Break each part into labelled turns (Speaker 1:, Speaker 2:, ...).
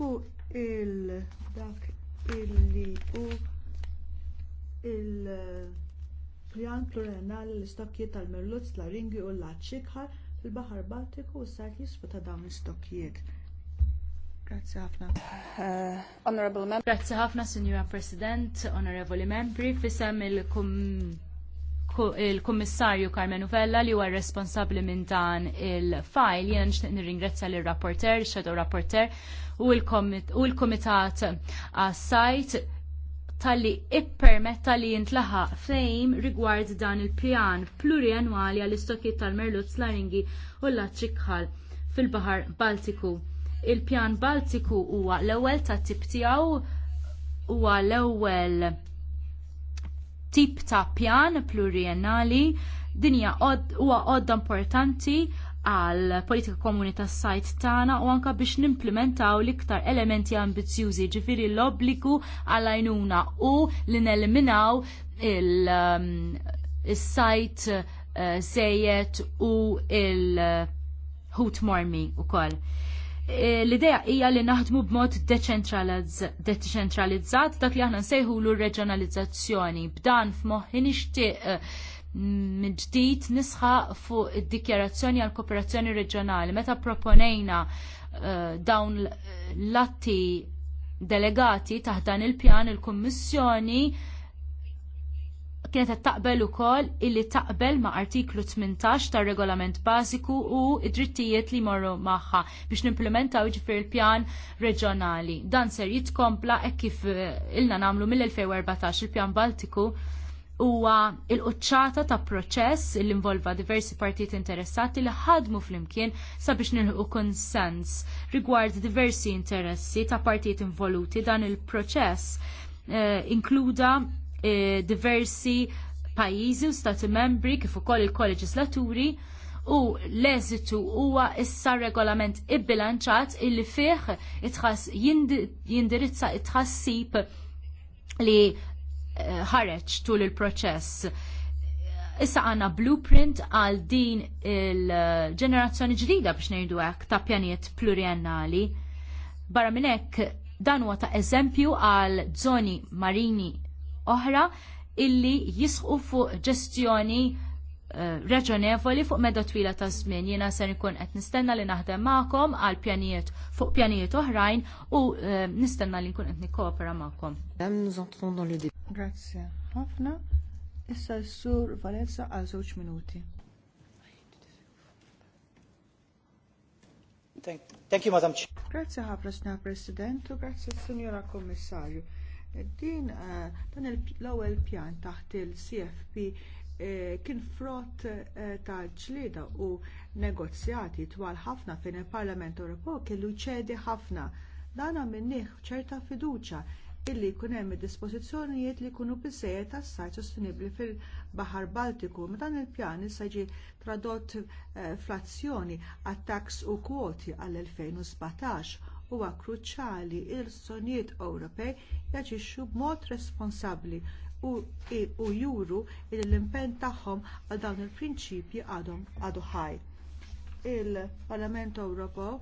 Speaker 1: fuq il dak illi hu il-pjan plurianali l-istokkijiet tal-merluz, l-aringi u l-laċċikħar fil-Bahar Baltiku u s-sajt jisfu ta' dawn l-istokkijiet.
Speaker 2: Grazzi ħafna. Uh, Honorable Member. ħafna, Signora President, Honorable Membri, il-kum il-Kummissarju Carmen Uvella li huwa responsabbli minn dan il-fajl. Jiena nixtieq nirringrazzja lir rapporter shadow rapporter u l-Kumitat għas-sajt tal-li ippermetta li jintlaħaq fejm rigward dan il-pjan plurianwali għall istokiet tal-merluz laringi u l-laċċikħal fil-Bahar Baltiku. Il-pjan Baltiku huwa l-ewwel tat-tip tiegħu huwa l-ewwel tip ta' pjan pluriennali dinja huwa għodda importanti għal politika komuni tas sajt tagħna u anke biex nimplementaw l-iktar elementi ambizjużi ġifiri l-obbligu għal għajnuna u li neliminaw il-sajt il, um, uh, u il-ħut mormi u koll. Eh, l-idea hija li naħdmu b'mod deċentralizzat dak li aħna nsejħu r-reġjonalizzazzjoni. B'dan f'moħħi nixtieq eh, minn ġdid nisħa fuq id-dikjarazzjoni għal kooperazzjoni reġjonali. Meta proponejna eh, dawn l-atti delegati taħdan il pjan il kummissjoni kienet qed taqbel ukoll illi taqbel ma' artiklu 18 tar-regolament bażiku u id-drittijiet li morru magħha biex nimplementaw ġifir il-pjan reġjonali. Dan ser jitkompla hekk kif eh, ilna nagħmlu mill-2014 il-pjan Baltiku huwa l quċċata ta' proċess li involva diversi partijiet interessati li ħadmu flimkien sabiex nilħu konsens rigward diversi interessi ta' partijiet involuti dan il-proċess eh, inkluda Eh, diversi pajjiżi u stati membri kif ukoll il-kolleġislaturi u l-eżitu huwa issa regolament ibbilanċat illi fih jindirizza it-tħassib li eh, ħareġ tul il-proċess. Issa għanna blueprint għal din il-ġenerazzjoni ġdida biex ngħidu hekk ta' pjanijiet pluriennali. Barra minn hekk dan huwa ta' eżempju għal żoni marini oħra illi jisħu fuq ġestjoni eh, reġonevoli fuq medda twila ta' żmien jiena se nkun qed nistenna li naħdem magħkom għal pjanijiet fuq pjanijiet oħrajn u eh, nistenna li nkun qed nikkoopera magħkom.
Speaker 1: Grazzi ħafna. Issa s-sur Valenza għal żewġ minuti. Thank, you, Madam Chair. Grazie ħafna, Sna President, u grazie, Signora Kommissarju. Din eh, dan l-ewwel pjan taħt il-CFP eh, kien frott eh, ta' ġlieda u negozjati twal ħafna fejn il-Parlament Ewropew kellu ċedi ħafna. Dan minnih ċerta fiduċja illi jkun hemm id dispożizzjonijiet li jkunu biżżejjed tas sajt sostenibbli fil-Baħar Baltiku. Ma dan il-pjan issa ġie tradott fl għat-tax u kwoti għall-2017 huwa kruċjali il sonijiet Ewropej jaġixxu b'mod responsabbli u, juru li l-impenn tagħhom għal dawn il-prinċipji għadhom għadu ħaj. Il-Parlament Ewropew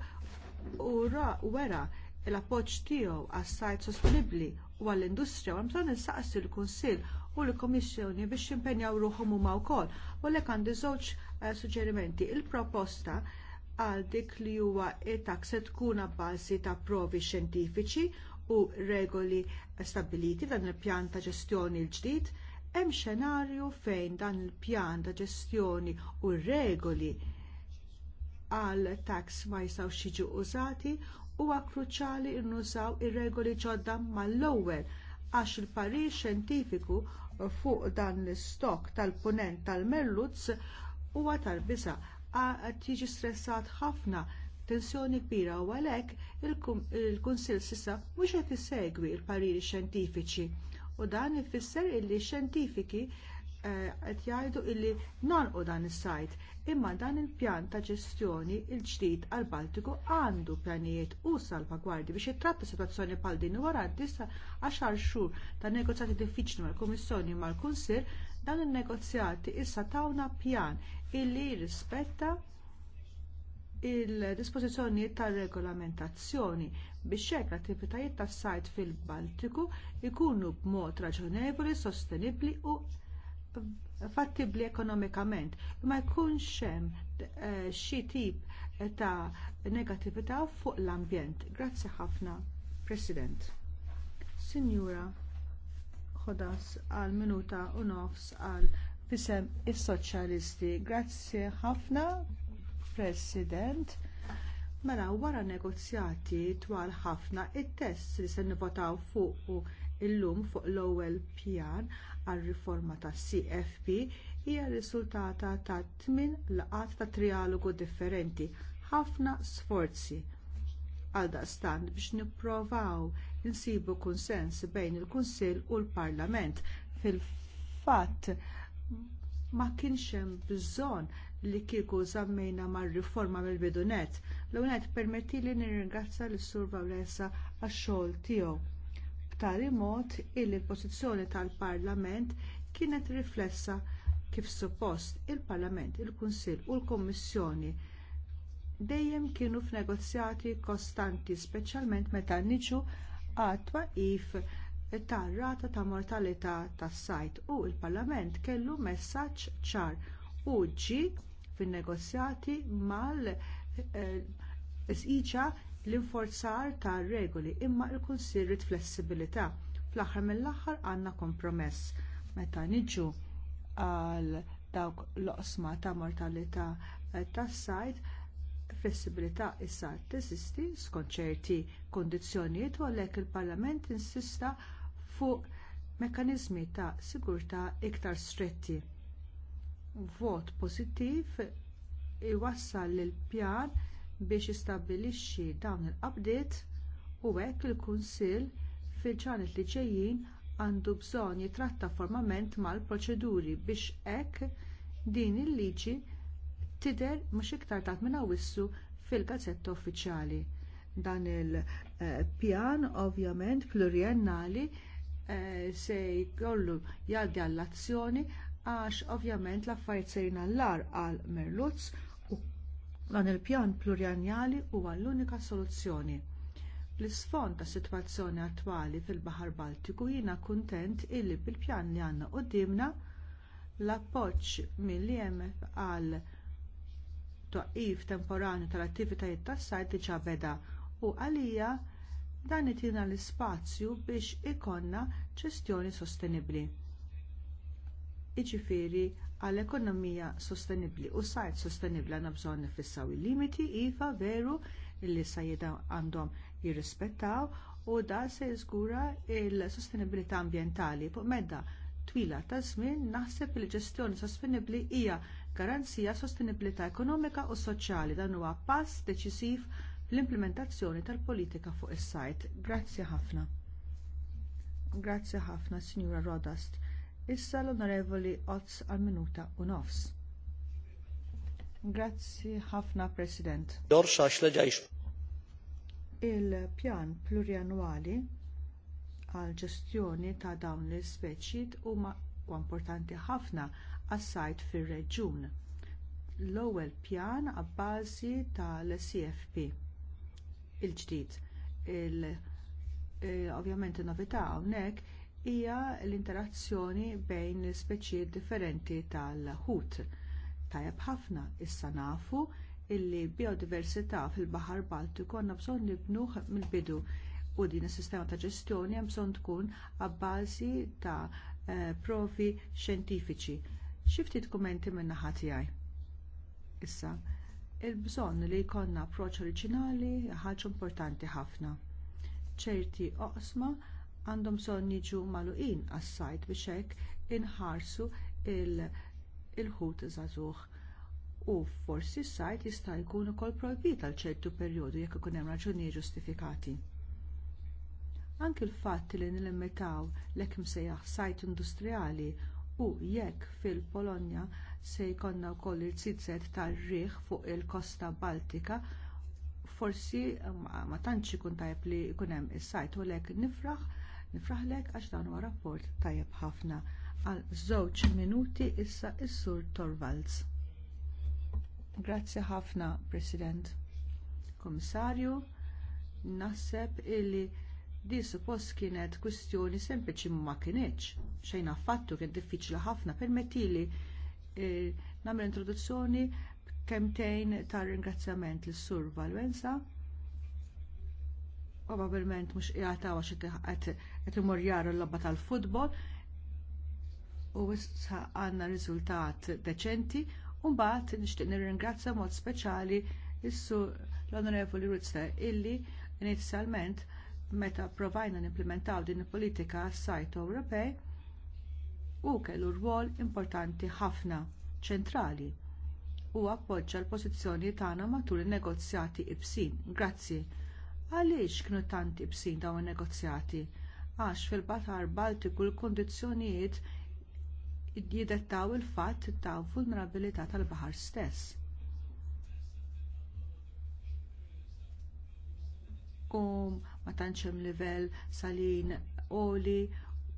Speaker 1: wera l-appoġġ tiegħu għas-sajt sostenibbli u għall-industrija u bżonn insaqsi l-Kunsill u l kummissjoni biex jimpenjaw ruħhom huma wkoll u għalhekk għandi żewġ eh, suġġerimenti. Il-proposta għal dik li huwa etak se tkun abbażi ta' provi xjentifiċi u regoli stabbiliti f'dan il-pjan ta' ġestjoni l-ġdid, hemm xenarju fejn dan il-pjan ta' ġestjoni u regoli għal tax ma jistgħux jiġu użati huwa kruċjali nużaw ir-regoli ġodda mal-ewwel għax il-parir xjentifiku fuq dan l-istok tal-punent tal-merluzz huwa tal-bisa tiġi stressat ħafna tensjoni kbira u għalhekk il-Kunsill sissa mhux qed isegwi l-pariri xjentifiċi u dan ifisser illi xjentifiki eh, qed jgħidu illi nonqu dan is-sajt imma dan il-pjan ta' ġestjoni l ġdid għall baltiku għandu pjanijiet u salvagwardji biex jitratta sitwazzjoni bħal din wara disa għaxar xhur ta' negozjati diffiċli mal-Kummissjoni mal-Kunsill dan in-negozjati issa tawna pjan illi jirrispetta il-dispożizzjonijiet tar-regolamentazzjoni biex hekk l-attivitajiet tas-sajt fil-Baltiku jkunu b'mod raġunevoli, sostenibbli u fattibbli ekonomikament. Ma jkunx hemm eh, xi tip ta' negattività fuq l-ambjent. Grazzi ħafna, President. Signora, ħodas għal minuta u nofs għal fisem is-soċjalisti. Grazzi ħafna, President. Mela wara negozjati twal ħafna it-test li se nivotaw fuq illum fuq l-ewwel pjan għar-riforma tas-CFP hija r-riżultata ta' tmien laqat ta' trialogu differenti, ħafna sforzi. Għaldaqstant biex nipprovaw insibu kunsens bejn il-Kunsill u l-Parlament fil-fatt ma kienx hemm bżonn li kieku żammejna mar-riforma mill-bidu nett. L-unet permetti li nirringrazzja l-Sur Vauresa għax-xogħol tiegħu. B'tali mod illi l-pożizzjoni tal-Parlament kienet riflessa kif suppost il-Parlament, il-Kunsill u l-Kummissjoni dejjem kienu f'negozjati kostanti, speċjalment meta niġu għat if tar rata ta' mortalità tas-sajd u l parlament kellu messaġġ ċar u ġie fin-negozjati mal isqiċa eh, l-inforzar tar regoli imma l kunsill irid flessibilità. Fl-aħħar mill-aħħar għandna kompromess. Meta niġu għal dawk l-oqsma ta' mortalità eh, tas-sajd, flessibilità issa teżisti skont ċerti kundizzjonijiet u għalhekk il-Parlament insista fuq mekkaniżmi ta' sigurtà iktar stretti. Vot pożittiv iwassal lill pjan biex jistabbilixxi dawn il-qabdiet u hekk il-Kunsill fil-ġanet li ġejjin għandu bżonn jitratta formalment mal-proċeduri biex hekk din il-liġi tidher mhux iktar taħt minn awwissu fil-gazzetta uffiċjali. Dan il-pjan eh, ovvjament pluriennali Eh, se jkollu jgħaddi għall-azzjoni għax ovvjament l-affarijiet sejna l-lar għal Merluz u dan il-pjan plurianjali huwa l-unika soluzzjoni. l isfond tas sitwazzjoni attwali fil-Baħar Baltiku jiena kuntent illi bil-pjan li għandna quddiemna l-appoġġ mill hemm għal toqif temporanju tal-attivitajiet tas-sajt diġà beda u għalija dan itina l-ispazju biex ikollna ġestjoni sostenibbli. Jiġifieri għall ekonomija sostenibbli u sajt sostenibbli għandna bżonn nifissaw il-limiti iva veru li sajjeda għandhom jirrispettaw u dan se jiżgura l sostenibilità ambjentali fuq medda twila ta' żmien naħseb li ġestjoni sostenibbli hija garanzija sostenibilità ekonomika u soċjali dan huwa pass deċisiv l-implementazzjoni tal-politika fuq is-sajt. Grazzi ħafna. Grazzi ħafna, Sinjura Rodast. Issa l-Onorevoli Ozz għal minuta u nofs. Grazzi ħafna, President. Dorxa Il-pjan plurianwali għal ġestjoni ta' dawn l ispeċijiet huma importanti ħafna għas-sajt fir-reġjun l-ewwel pjan abbażi tal-CFP il-ġdid. Eh, ovvjament novità hawnhekk hija l-interazzjoni bejn speċi differenti tal-ħut. Tajjeb ħafna issa nafu illi biodiversità fil-Baħar Baltiku għandna bżonn nibnuh mill-bidu u din is-sistema ta' ġestjoni hemm bżonn tkun abbażi ta' eh, provi xjentifiċi. Xi ftit kumenti min-naħa tiegħi. Issa, il-bżonn li jkollna approċċ oriġinali ħaġa importanti ħafna. ċerti oqsma għandhom bżonn jiġu magħluqin għas-sajt biex hekk inħarsu il-ħut il żagħżugħ. U forsi s-sajt jista' jkun ukoll projbit għal ċertu perjodu jekk ikun hemm raġunijiet ġustifikati. Anki l-fatt li nilimitaw l-ekim sejjaħ sajt industrijali u jekk fil-Polonja se jkollna wkoll il-tzitzet tar-riħ fuq il-Kosta Baltika forsi um, ma tantx ikun tajjeb li jkun hemm is-sajt u lek nifraħ nifraħlek għax dan huwa rapport tajjeb ħafna għal żewġ minuti issa is-Sur Torvalds. Grazzi ħafna, President. Komissarju, naħseb illi di suppost kienet kwistjoni sempliċi ma kinitx. Xejn affattu kien diffiċli ħafna permettili Eh, namel introduzzjoni kemtejn ta' ringrazzjament lis sur Valwenza. Probabilment mhux jgħata għax għet imur jaru l-lobba tal-futbol u issa għandna riżultat deċenti u mbagħad nixtieq nirringrazzja mod speċjali is-sur l-Onorevoli Rutzer illi inizjalment meta provajna nimplementaw din il-politika għas-sajt Ewropej u kellu rwol importanti ħafna, ċentrali, u appoġġa l-pożizzjoni tagħna matul in-negozjati ibsin. Grazzi. Għaliex kienu tant ibsin dawn in-negozjati? Għax fil-Batar Baltiku l-kundizzjonijiet jidettaw il-fatt ta' vulnerabilità tal-baħar stess. U ma tantx hemm livell salin oli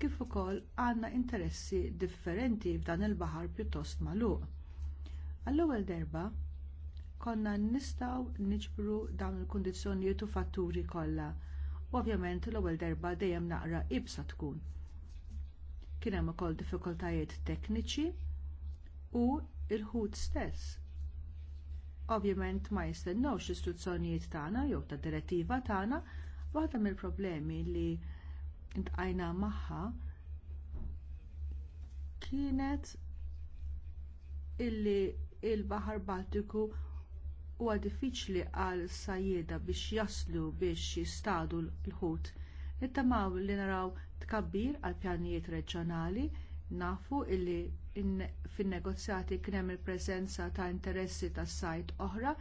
Speaker 1: kif ukoll għandna interessi differenti f'dan il-baħar pjuttost magħluq. Għall-ewwel darba konna nistgħu niġbru dawn il-kundizzjonijiet u fatturi kollha. Ovvjament l-ewwel darba dejjem naqra ibsa tkun. Kien hemm ukoll diffikultajiet tekniċi u l ħut stess. Ovvjament ma jistennewx l istruzzjonijiet tagħna jew tad direttiva tagħna waħda mill-problemi li intqajna magħha kienet illi l il baħar Baltiku huwa diffiċli għal sajjeda biex jaslu biex jistadu l-ħut. Nittamaw li naraw tkabbir għal pjanijiet reġjonali nafu illi fin-negozjati kien hemm il-preżenza ta' interessi tas sajt oħra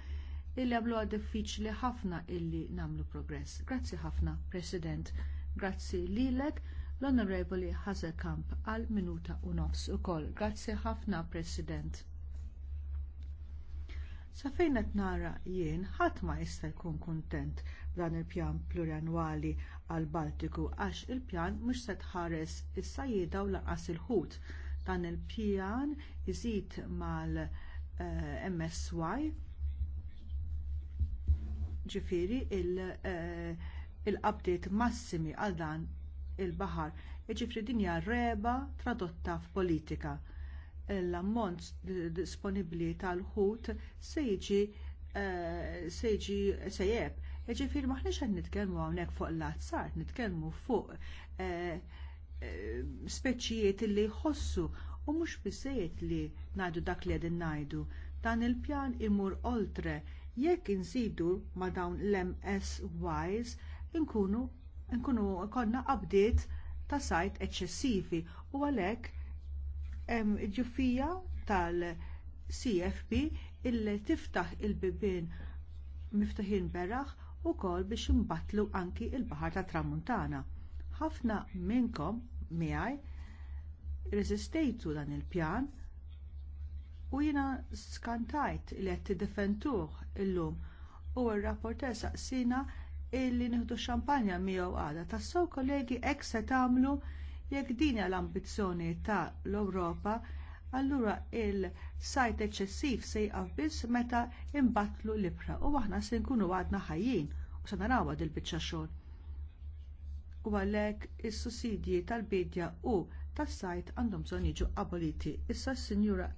Speaker 1: illi għamluha diffiċli ħafna illi nagħmlu progress. Grazzi ħafna, President. Grazzi lilek l-Onorevoli Hazekamp għal minuta u nofs ukoll. Grazzi ħafna, President. Sa fejn qed nara jien ħadd ma jista' jkun kuntent dan il-pjan plurianwali għal Baltiku għax il-pjan mhux se tħares issa sajjieda u lanqas il-ħut. Dan il-pjan iżid mal-MSY eh, ġifiri il- eh, il-qabdiet massimi għal dan il-baħar. Jiġifieri dinja reba tradotta f'politika. L-ammont disponibbli tal-ħut se jiġi eh, se jiġi sejjeb. Jiġifieri maħniex qed nitkellmu hawnhekk fuq l-azzar, nitkellmu fuq eh, eh, speċijiet li jħossu u mhux biżżejjed li ngħidu dak li qegħdin ngħidu. Dan il-pjan imur oltre jekk insidu ma dawn l-MSYs inkunu nkunu konna qabdiet ta' sajt eċċessivi u għalhekk hemm ġuffija tal-CFP illi tiftaħ il-bibien miftuħin beraħ ukoll biex imbattlu anki l baħar tat Tramuntana. Ħafna minnkom miegħi reżistejtu dan il-pjan u jiena skantajt li qed tiddefenduh illum u r-rapporter saqsina illi nieħdu xampanja miegħu għada. Tassew kollegi hekk se tagħmlu jekk din hija l-ambizzjoni ta' l-Ewropa, allura il-sajt eċċessiv se jqaf biss meta imbatlu l-ibra u aħna se nkunu għadna ħajjin u se narawha dil biċċa xogħol. U għalhekk is-sussidji tal-bidja u tas-sajt għandhom bżonn jiġu aboliti. Issa s-Sinjura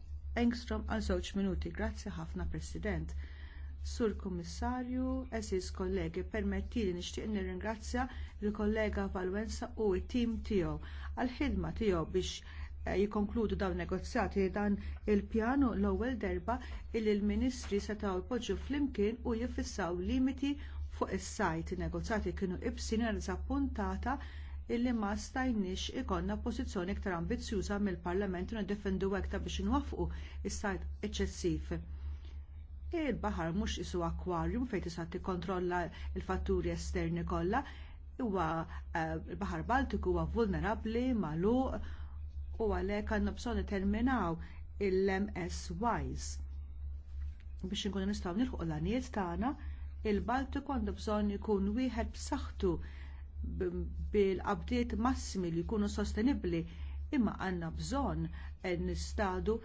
Speaker 1: Engstrom għal żewġ minuti. Grazzi ħafna President. Sur Kummissarju, eżis kollegi, permettili nixtieq nirringrazzja lill kollega Valwensa u t tim tiegħu għall-ħidma tiegħu biex eh, jikkonkludu dawn negozjati dan il-pjanu l-ewwel darba li l ministri setgħu jpoġġu flimkien u jiffissaw limiti fuq is-sajt. Negozjati kienu ibsin puntata illi ma stajniex ikollna pożizzjoni iktar ambizzjuża mill-Parlament u niddefendu hekk biex inwaffqu is-sajt eċċessiv il-baħar mhux isu akwarium fejn tista' tikkontrolla l fatturi esterni kollha, huwa eh, il-baħar Baltiku huwa vulnerabbli, magħluq u għalhekk għandna bżonn terminaw il-MSYs biex inkunu nistgħu nilħu l-għaniet tagħna il-Baltiku għandu bżonn ikun wieħed b'saħħtu bil-qabdiet massimi li jkunu sostenibbli imma għandna bżonn eh, nistadu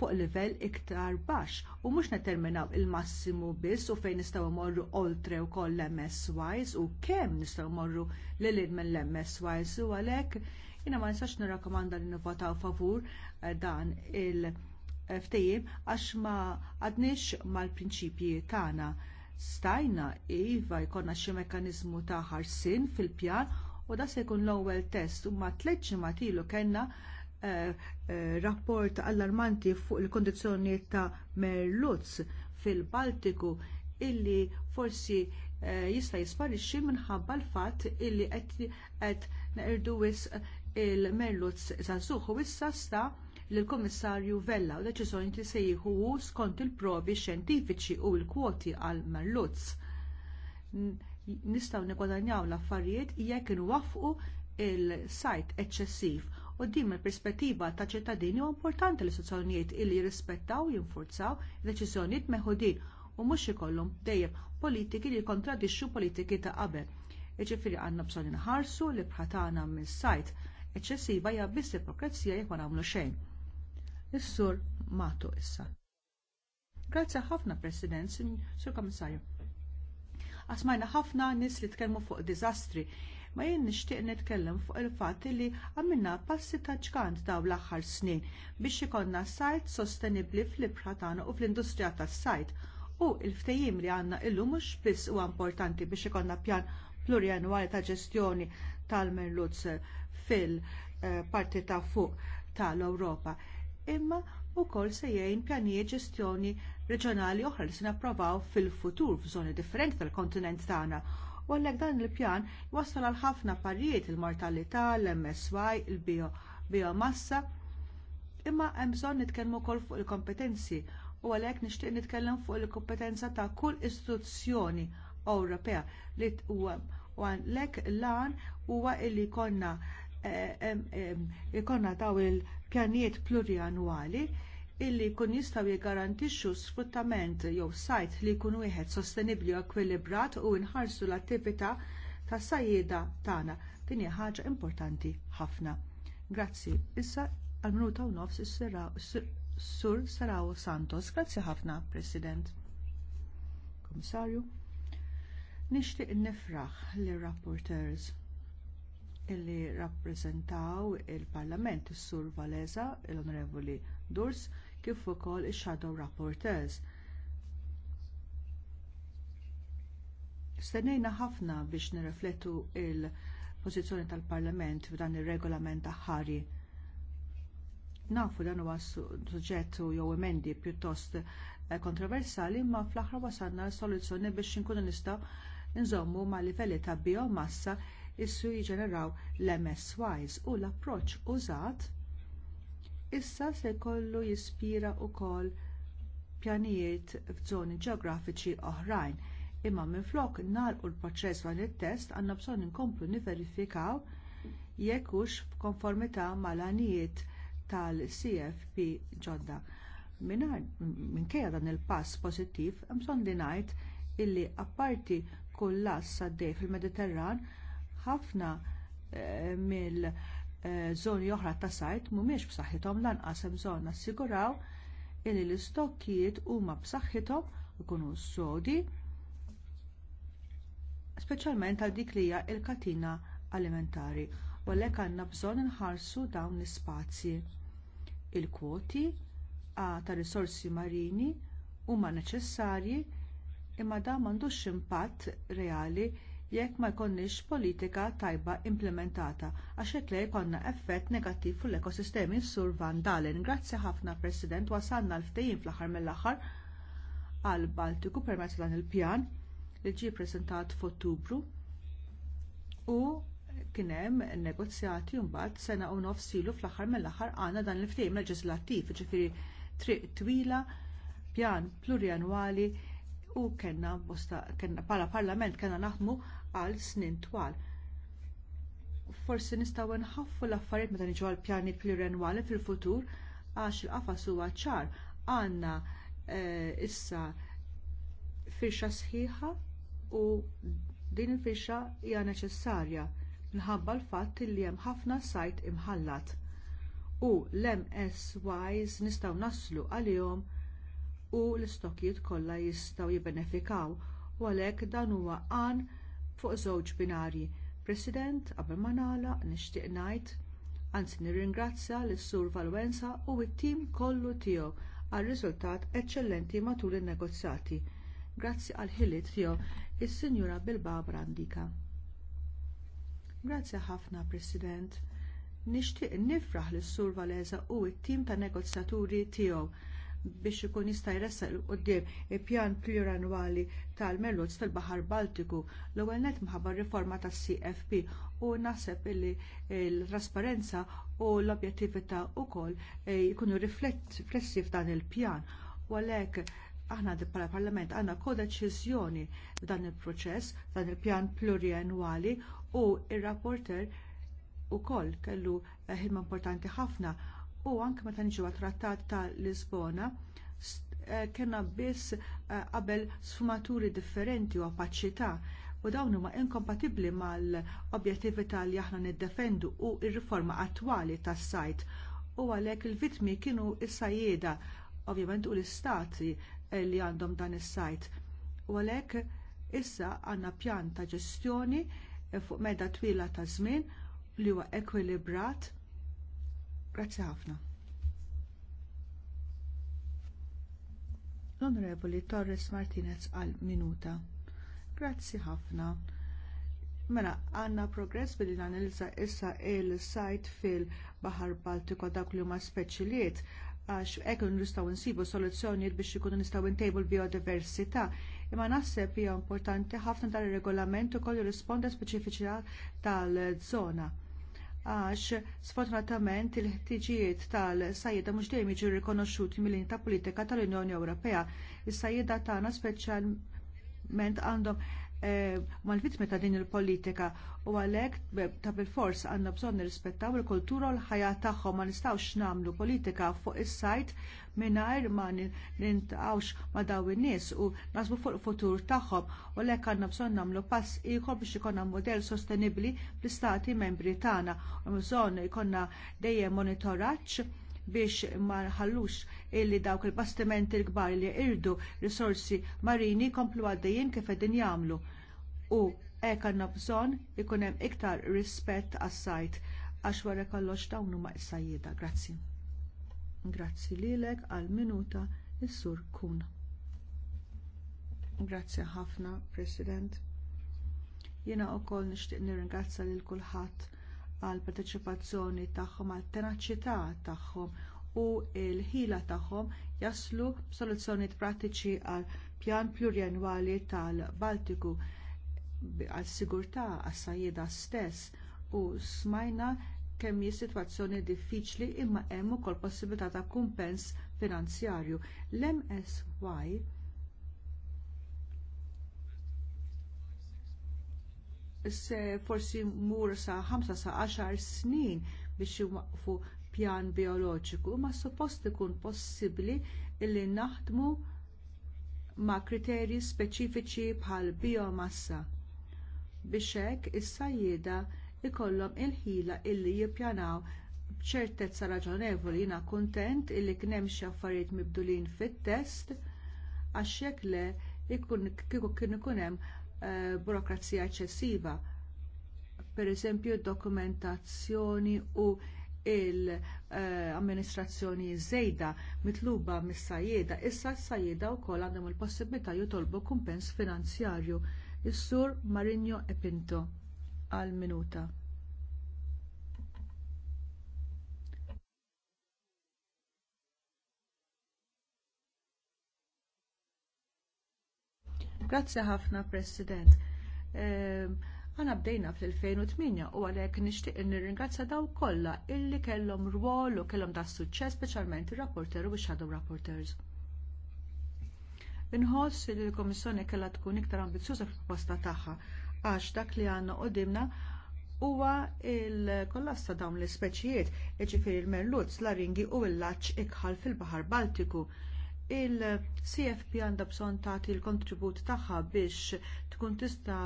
Speaker 1: fuq livell iktar baxx u mhux neterminaw il-massimu biss u fejn nistgħu morru oltre wkoll l wise u kemm nistgħu morru lil minn l wise u għalhekk jiena ma nistax nirrakkomanda li nivvotaw favur eh, dan il- ftehim għax ma għadniex mal-prinċipji tagħna. Stajna iva jkollna xi mekkaniżmu ta' ħarsien fil-pjan u da se jkun l-ewwel test u ma tliet ġimgħat ilu kellna Eh, eh, rapport allarmanti fuq il kundizzjonijiet ta' Merluz fil-Baltiku illi forsi eh, jista' jisparixxi minħabba l-fatt illi qed neqirdu wisq il-Merluz żagħżugħ u issa sta lill kummissarju Vella u deċiżjoni li se jieħu skont il-provi xjentifiċi u l-kwoti għal Merluz nistgħu nigwadanjaw l-affarijiet jekk inwaffqu il-sajt eċċessiv u din il-perspettiva ta' ċittadini u importanti li istituzzjonijiet illi jirrispettaw u jinfurzaw deċiżjonijiet meħudin u mhux ikollhom dejjem politiki li jkontradixxu politiki ta' qabel. Jiġifieri għandna bżonn inħarsu li bħatana minn sajt eċċessiva hija biss ipokrazija jekk ma nagħmlu xejn. Is-sur Matu issa. Grazzi ħafna President, Sur Kommissarju. Asmajna ħafna nies li tkellmu fuq diżastri ma jien nixtieq nitkellem fuq il-fatt li għamilna passi ta' ġgant dawn l-aħħar snin biex ikollna sajt sostenibbli fl-ibħra tagħna u fl-industrija tas-sajt u l-ftehim li għandna illu mhux biss huwa importanti biex ikollna pjan plurianwali ta' ġestjoni tal-merluz fil-parti ta' fuq tal-Ewropa imma wkoll se jgħin pjanijiet ġestjoni reġjonali oħra li se napprovaw fil-futur f'żoni differenti tal-kontinent tagħna U għallek dan il-pjan wassal għal ħafna parijiet il-mortalità, l-MSY, il-biomassa, imma hemm bżonn nitkellmu wkoll fuq il-kompetenzi u għalhekk nixtieq nitkellem fuq il-kompetenza ta' kull istituzzjoni Ewropea li u għalhekk lan huwa li jkollna ikonna eh, il-pjanijiet plurianwali illi jkun jistgħu jiggarantixxu sfruttament jew sajt li jkun wieħed sostenibbli u ekwilibrat u nħarsu l-attività tas sajjieda tagħna. Din hija ħaġa importanti ħafna. Grazzi. Issa għall minuta u nofs is-Sur Saraw Santos. Grazzi ħafna, President. Komissarju. Nixtieq nifraħ lir rapporteurs illi rappreżentaw il-Parlament is-Sur Valeza, l-Onorevoli Durs, kif ukoll ix-shadow rapporteurs. Stennejna ħafna biex nirriflettu l pożizzjoni tal-Parlament f'dan ir-regolament aħħari. Nafu dan huwa suġġett jew emendi pjuttost eh, kontroversali, imma fl-aħħar wasalna soluzzjoni biex inkunu nistgħu nżommu ma' livelli ta' biomassa issu jiġeneraw l-MSYs u l-approċċ użat issa se jkollu jispira wkoll pjanijiet f'żoni ġeografiċi oħrajn. Imma minflok nagħlqu l-proċess għal it-test għandna bżonn inkomplu niverifikaw jekk hux f'konformità mal-għanijiet tal-CFP ġodda. Minkejja dan il-pass pożittiv, hemm bżonn li ngħid illi apparti kull lass għaddej fil-Mediterran, ħafna eh, mill- Eh, żoni oħra ta' sajt mhumiex b'saħħithom lanqas hemm bżonn assiguraw li l-istokkijiet huma b'saħħithom ikunu sodi speċjalment għal dik li hija l katina alimentari u għalhekk għandna bżonn inħarsu dawn l-ispazji. Il-kwoti ta' risorsi marini huma neċessarji imma dan m'għandux impatt reali jekk ma jkollniex politika tajba implementata għax hekk le jkollna effett negattiv fuq l-ekosistemi sur Van Dalen. Grazzi ħafna President wasalna l-ftehim fl-aħħar mill-aħħar għall Baltiku permezz dan il-pjan li ġie ppreżentat f'Ottubru u kien hemm negozjati mbagħad sena u nofs ilu fl-aħħar mill-aħħar għandna dan il-ftehim leġislattiv, ġifieri triq twila, pjan plurianwali u kellna bosta kellna bħala parlament kellna naħdmu għal snin twal. Forsi nistgħu nħaffu l-affarijiet meta niġu għal pjanijiet plurianwali fil-futur għax il-qafas huwa ċar għandna eh, issa firxa sħiħa u din il-firxa hija neċessarja minħabba l-fatt li hemm ħafna sajt imħallat u l-MSYs nistgħu naslu għalihom u l-istokkijiet kollha jistgħu jibbenefikaw u għalhekk dan huwa għan fuq żewġ binarji. President, qabel ma nagħlaq nixtieq ngħid anzi nirringrazzja lis sur Valwenza u t-tim kollu tiegħu għar riżultat eċċellenti matul in-negozjati. Grazzi għal ħiliet tiegħu is-Sinjura Bilbao Brandika. Grazzi ħafna, President nixtieq nifraħ lis sur Valesa u t-tim ta' negozjaturi tiegħu biex ikun jista' jressaq il qudiem il-pjan plurianwali tal-Merluz tal-Baħar Baltiku l-ewwel nett minħabba r riforma tas-CFP u naħseb li l-trasparenza u l-objettività wkoll eh, jkunu riflessi f'dan il-pjan u għalhekk aħna bħala parlament għandna kodeċiżjoni f'dan il-proċess, dan il-pjan pluriannwali, u r rapporter ukoll kellu eh, ħilma importanti ħafna u anke meta niġu għat-Trattat ta' Lisbona eh, kena biss eh, qabel sfumaturi differenti u apaċità u dawn huma inkompatibbli mal-objettività li aħna niddefendu u r riforma attwali tas-sajt u għalhekk il-vittmi kienu s-sajjieda ovvjament u l-istati eh, li għandhom dan is-sajt. U għalhekk issa għandna pjan ta' ġestjoni fuq medda twila ta' żmien li huwa ekwilibrat Grazzi ħafna. L-Onorevoli Torres Martinez għal minuta. Grazzi ħafna. Mela, għandna progress billi nanilza issa il-sajt fil-Bahar Baltiku dak li huma speċiliet għax ekkun nistaw nsibu soluzzjonijiet biex ikunu nistaw ntejbu l-biodiversità imma naħseb hija importanti ħafna dar ir-regolament ukoll jirrisponda speċifiċità tal zona għax sfortunatament il-ħtiġijiet tal-sajjeda mhux dejjem jiġu rikonoxxuti mill-linja ta' politika tal-Unjoni Ewropea. Is-sajjeda tagħna speċjalment għandhom Eh, mal-vittmi ta' din il-politika u għalhekk ta' bilfors għandna bżonn nirrispettaw il-kultura u l-ħajja tagħhom ma nistgħux nagħmlu politika fuq is-sajt mingħajr ma nintqgħux ma daw in-nies u nasbu fuq il-futur tagħhom u għalhekk għandna bżonn nagħmlu pass ieħor biex ikollna modell sostenibbli fl-istati membri tagħna u bżonn ikollna dejjem monitoraġġ biex ma nħallux illi dawk il-bastimenti l-kbar li irdu risorsi marini jkomplu għaddejjin kif din jagħmlu. U hekk għandna bżonn ikun hemm iktar rispett għas-sajt għax wara kollox dawn huma s Grazzi. Grazzi lilek għal minuta is-sur kun. Grazzi ħafna, President. Jiena wkoll nixtieq nirringrazzja lil kulħadd għall parteċipazzjoni tagħhom għat tenaċità tagħhom u l-ħila tagħhom jaslu b'soluzzjonijiet prattiċi għal pjan plurianwali tal-Baltiku għal sigurtà għas-sajjeda stess u smajna kemm hi sitwazzjoni diffiċli imma hemm ukoll possibilità ta' kumpens finanzjarju. L-MSY se forsi mur sa 5 sa 10 snin biex jwaqfu pjan bioloġiku, ma suppost ikun possibbli li naħdmu ma' kriterji speċifiċi bħal biomassa biex hekk is-sajjieda ikollhom il-ħila illi jippjanaw b'ċertezza raġonevoli jiena kuntent illi kien hemm xi affarijiet mibdulin fit-test għax hekk le kieku kien ikun hemm Eh, burokrazija eċċessiva, pereżempju d dokumentazzjoni u l-amministrazzjoni żejda mitluba mis-sajjeda, issa s-sajjeda wkoll għandhom il-possibilità jitolbu kumpens finanzjarju. Is-sur Marinho Epinto għal minuta. Grazzi ħafna, President. Ehm, għana e, bdejna fl-2008 u għalhekk nixtieq nirringrazzja daw kollha illi kellhom rwol u kellhom da' suċċess speċjalment ir-rapporter u shadow rapporters. Inħoss li l-Komissjoni kellha tkun iktar ambizzjuża fil-proposta tagħha għax dak li għandna qudiemna huwa il-kollassa dawn l-ispeċijiet, jiġifieri l-merluz, l-aringi u l-laċ ikħal fil-Baħar Baltiku il-CFP għandha bżonn tagħti l-kontribut tagħha biex tkun tista'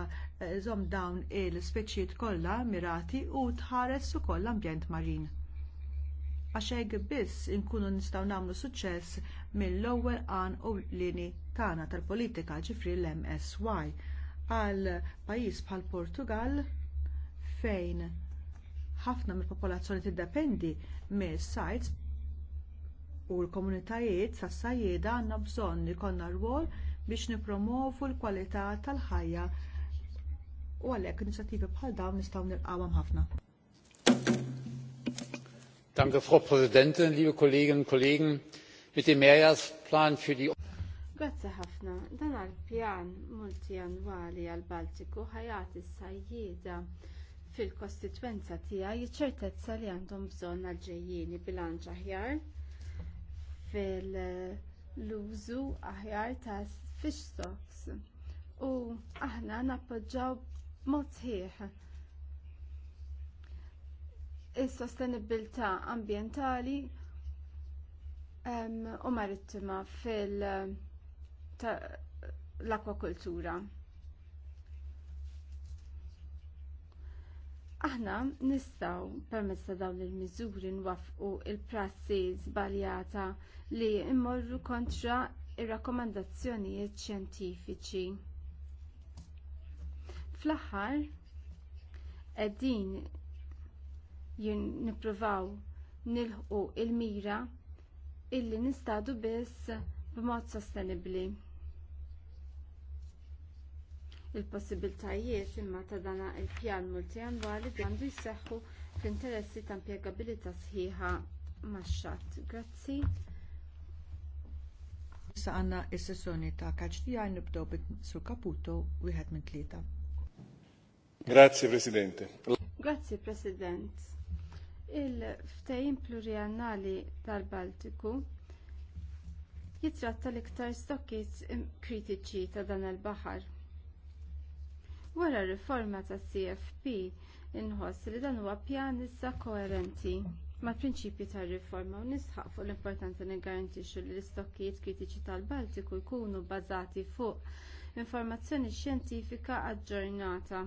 Speaker 1: żomm dawn il-speċijiet kollha mirati u tħares ukoll l-ambjent marin. Għax hekk biss inkunu nistgħu nagħmlu suċċess mill-ewwel għan u lini tagħna tal-politika ġifri l-MSY għal pajjiż bħal Portugal fejn ħafna mill-popolazzjoni tiddependi mis-sajts u l-komunitajiet sas sajjeda għandna bżonn li jkollna rwol biex nippromovu l-kwalità tal-ħajja u għalhekk inizjattivi bħal dawn nistgħu nilqawhom ħafna.
Speaker 2: Danke, Frau Präsidentin, liebe Kolleginnen und Kollegen. Mit dem Mehrjahresplan für die
Speaker 1: Grazzi
Speaker 3: ħafna, dan għall pjan multijanwali għall Baltiku ħajat is sajjida fil-kostitwenza tiegħi ċertezza li għandhom bżonn għal ġejjieni bilanċ aħjar fil-użu aħjar ta' fish stocks u aħna nappoġġaw mod sħiħ is-sostenibilità ambjentali ehm, u marittima fil- l-akwakultura. Aħna nistaw permezz ta' dawn il-miżuri nwaffqu il-prassi żbaljata li immorru kontra ir-rakkomandazzjonijiet xjentifiċi. Fl-aħħar qegħdin nippruvaw nilħqu il-mira illi nistadu biss b'mod sostenibbli. Il-possibiltajiet imma ta' dana il-pjan multianwali għandu jseħħu fl-interessi ta' impjegabilità sħiħa
Speaker 1: max-xatt. Grazzi. Issa għandna s-sessjoni ta' kaċdija nibdew sur Caputo wieħed minn tlieta. Grazzi Presidente. Grazzi
Speaker 3: President. Il-ftehim pluriannali tal-Baltiku jitratta l-iktar stokkiet kritiċi ta' dan il-baħar Wara r riforma ta' CFP inħoss li dan huwa pjan issa koerenti mal-prinċipji tar-riforma u nisħaq fuq l-importanti li ngarantixxu li l-istokkijiet kritiċi tal-Baltiku jkunu bbażati fuq informazzjoni xjentifika aġġornata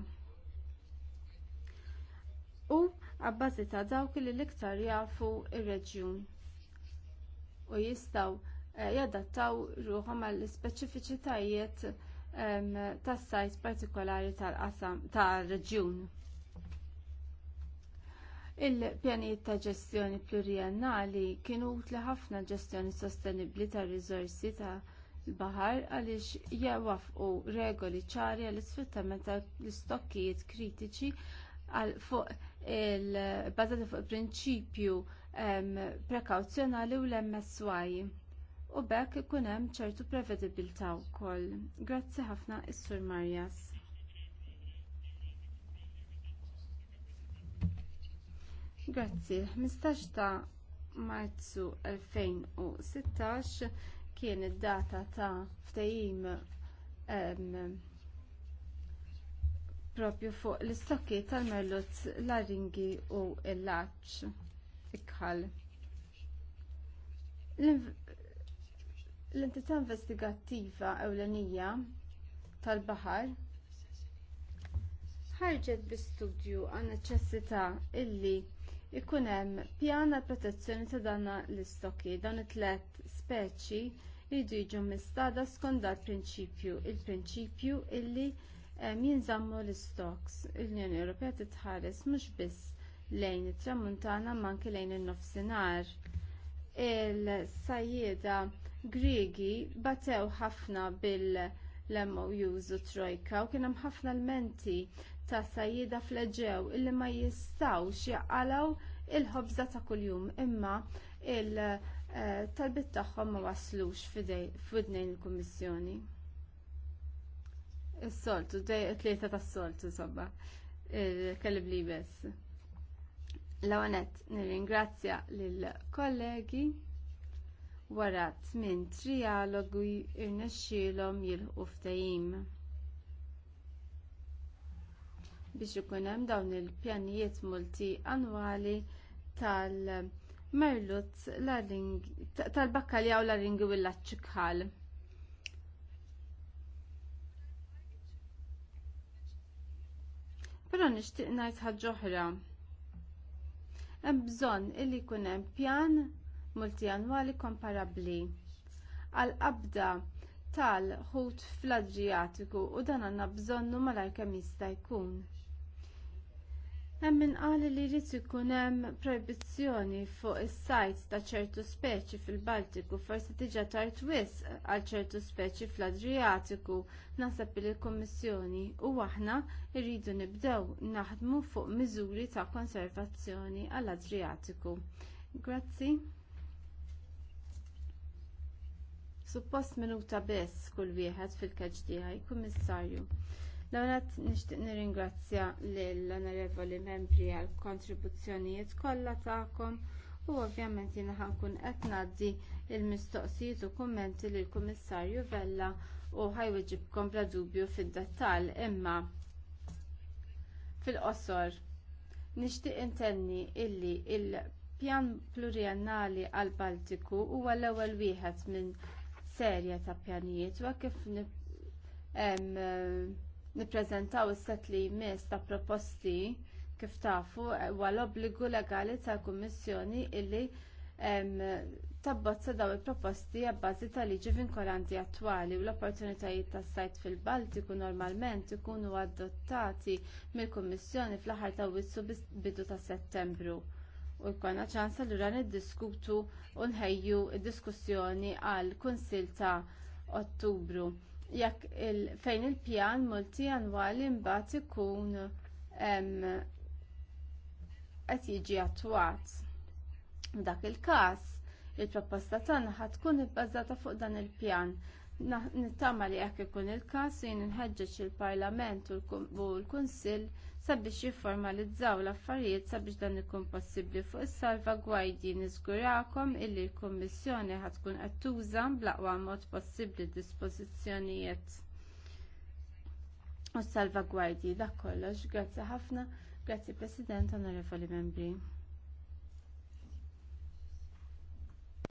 Speaker 3: u għabbażi ta' dawk li l-iktar jafu r reġjun u jistgħu eh, jadattaw ruħhom għall ispeċifiċitajiet tas-sajt partikolari tal-qasam tar reġjun Il-pjanijiet ta' ġestjoni pluriennali kienu utli ħafna ġestjoni sostenibbli tar riżorsi ta' l-bahar għaliex jewafqu regoli ċari għall isfruttament tal-istokkijiet kritiċi għal fuq il fuq il-prinċipju prekawzjonali u l-MSY u bekk ikun hemm ċertu prevedibilità wkoll. Grazzi ħafna is-Sur Marjas. Grazzi, 15 ta' Marzu 2016 kien id-data ta' ftehim propju fuq l-istokki tal-merluz laringi u l-laċ ikħal. L-entità investigattiva ewlenija tal-baħar ħarġet bi studju għan neċessità illi ikun hemm pjan għal protezzjoni ta' dan l-istokki dawn it-tlet speċi jridu jiġu mistada skont dal prinċipju, il-prinċipju illi jinżammu l-istoks. L-Unjoni Ewropea titħares mhux biss lejn it-tramuntana manki lejn in-nofsinhar. il-sajjieda Griegi batew ħafna bil-MOUs u trojka u kien hemm ħafna elementi ta' sajjida fl-Eġew illi ma jistawx jaqalaw il-ħobza ta' kuljum imma il-talbit eh, tagħhom ma waslux f'idnejn il-Kummissjoni. Is-soltu, dej tlieta tas-soltu sobba, kellib li bess. Lawanet, nirringrazzja lill kollegi wara tmin trialogu irnexxilhom jilħqu ftehim. Biex ikun hemm dawn il-pjanijiet multi annwali tal-merluz tal-bakkaljaw l-aringi u l-ċikħal. Però nixtieq ngħid ħaġa oħra. Hemm bżonn illi jkun hemm pjan multijanwali komparabbli għal qabda tal-ħut fl-Adriatiku u dan għandna bżonnu malajr kemm jista' jkun. Hemm min qali li jrid ikun hemm proibizzjoni fuq is-sajt ta' ċertu speċi fil-Baltiku forsi diġà tard wisq għal ċertu speċi fl-Adriatiku naħseb li l-Kummissjoni u aħna rridu nibdew naħdmu fuq miżuri ta' konservazzjoni għall-Adriatiku. Grazzi. Suppost minuta biss kull wieħed fil tiegħi, kummissarju. L-għanat nishtiq nirringrazzja l-onorevoli membri għal kontribuzzjonijiet kollha tagħkom u ovvjament jiena ħankun qed ngħaddi l mistoqsijiet u kummenti lill kummissarju Vella u ħajweġibkom bla dubju fid-dettall imma fil-qosor nixtieq intenni illi l il pjan pluriennali għall Baltiku huwa l-ewwel wieħed minn serja ta' pjanijiet u kif eh, nippreżentaw is-set li jmiss ta' proposti kif tafu eh, huwa l-obbligu legali tal kummissjoni illi tabbozza daw il-proposti għabbażi ta' liġi vinkolanti attwali u l-opportunitajiet tas sajt fil-Baltiku normalment ikunu adottati mill-Kummissjoni fl-aħħar ta' Wissu bidu ta' Settembru u jkollna ċans allura niddiskutu u nħejju diskussjoni għal kunsil ta' Ottubru. Jekk il fejn il-pjan multi annwali mbagħad ikun qed jiġi attwat. Dak il-każ il-proposta tagħna ħad tkun ibbażata fuq dan il-pjan. Nittama li jekk ikun il-każ jien inħeġġeġ il-Parlament u l-Kunsill sabiex jifformalizzaw l-affarijiet sabiex dan ikun possibbli fuq is-salvagwardji niżgurakom illi l-Kummissjoni ħad tkun qed tuża bl-aqwa mod possibbli d dispożizzjonijiet u s-salvagwardji dak kollox. Grazzi ħafna, grazzi President, onorevoli membri.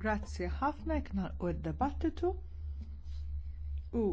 Speaker 1: Grazzi ħafna jekk nagħlqu d debattitu u